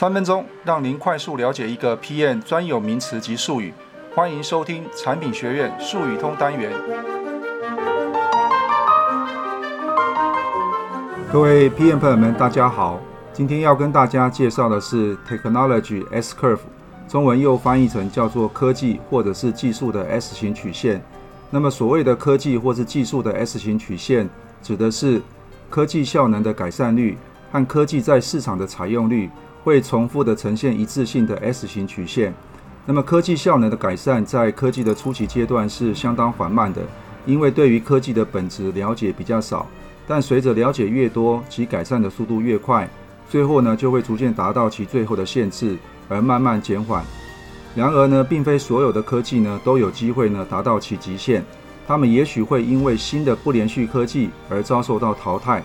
三分鐘讓您快速了解一個 PM 專有名詞及術語。歡迎收聽產品學院術語通單元。各位 PM 朋友們，大家好！今天要跟大家介紹的是 Technology S-Curve，中文又翻譯成叫做科技或者是技術的 S 型曲線。那麼所謂的科技或是技術的 S 型曲線，指的是科技效能的改善率和科技在市場的採用率。會重複地呈現一致性的 S 型曲線。那麼，科技效能的改善在科技的初期階段是相當緩慢的，因為對於科技的本質了解比較少。但隨着了解越多，其改善的速度越快。最後呢，就會逐漸達到其最後的限制而慢慢減緩。然而呢，並非所有的科技呢都有機會呢達到其極限，他們也許會因為新的不連續科技而遭受到淘汰。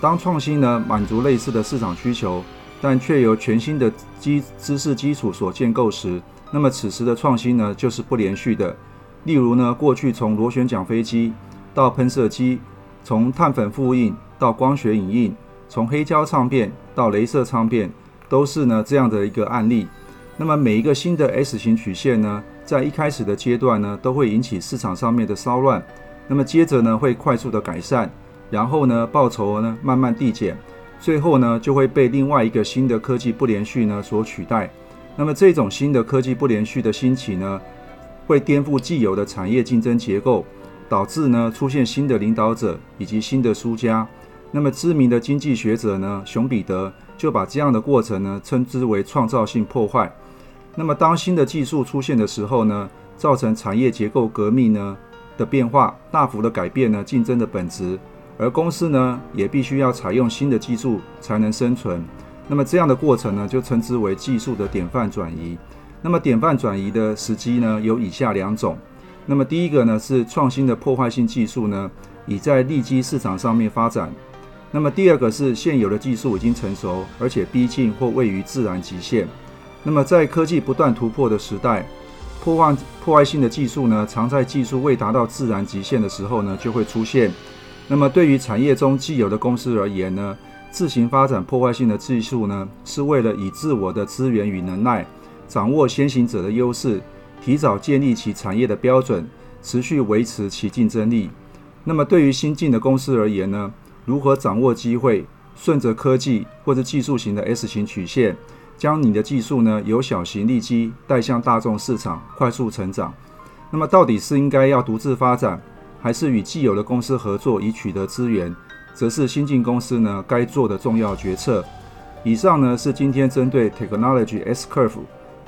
當創新呢滿足類似的市場需求。但卻由全新的基知識基礎所建構時，那麼此時的創新呢就是不連續的。例如呢，過去從螺旋槳飛機到噴射機，從碳粉複印到光學影印，從黑膠唱片到雷射唱片，都是呢這樣的一個案例。那麼每一個新的 S 型曲線呢，在一開始的階段呢，都會引起市場上面的騷亂。那麼接着呢，會快速的改善，然後呢，報酬呢慢慢遞減。最後呢，就會被另外一個新的科技不連續呢所取代。那麼這種新的科技不連續的興起呢，會顛覆既有的產業競爭結構，導致呢出現新的領導者以及新的輸家。那麼知名的經濟學者呢，熊彼得就把這樣的過程呢稱之為創造性破壞。那麼當新的技術出現的時候呢，造成產業結構革命呢的變化，大幅的改變呢競爭的本質。而公司呢，也必須要採用新的技術才能生存。那麼這樣的過程呢，就稱之為技術的典範轉移。那麼典範轉移的時機呢，有以下兩種。那麼第一個呢，是創新的破壞性技術呢，已在利基市場上面發展。那麼第二個是現有的技術已經成熟，而且逼近或位於自然極限。那麼在科技不斷突破的時代，破壞破壞性的技術呢，常在技術未達到自然極限的時候呢，就會出現。那麼，對於產業中既有的公司而言呢，自行發展破壞性的技術呢，是為了以自我的資源與能耐，掌握先行者的優勢，提早建立起產業的標準，持續維持其競爭力。那麼，對於新進的公司而言呢，如何掌握機會，順着科技或者技術型的 S 型曲線，將你的技術呢，由小型利基帶向大眾市場快速成長？那麼，到底是應該要獨自發展？還是與既有的公司合作以取得資源，則是新進公司呢該做的重要決策。以上呢是今天針對 Technology S-Curve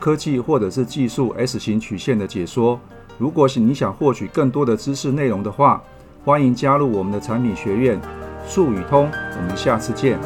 科技或者是技術 S 型曲線的解說。如果是你想獲取更多的知識內容的話，歡迎加入我們的產品學院術語通。我們下次見。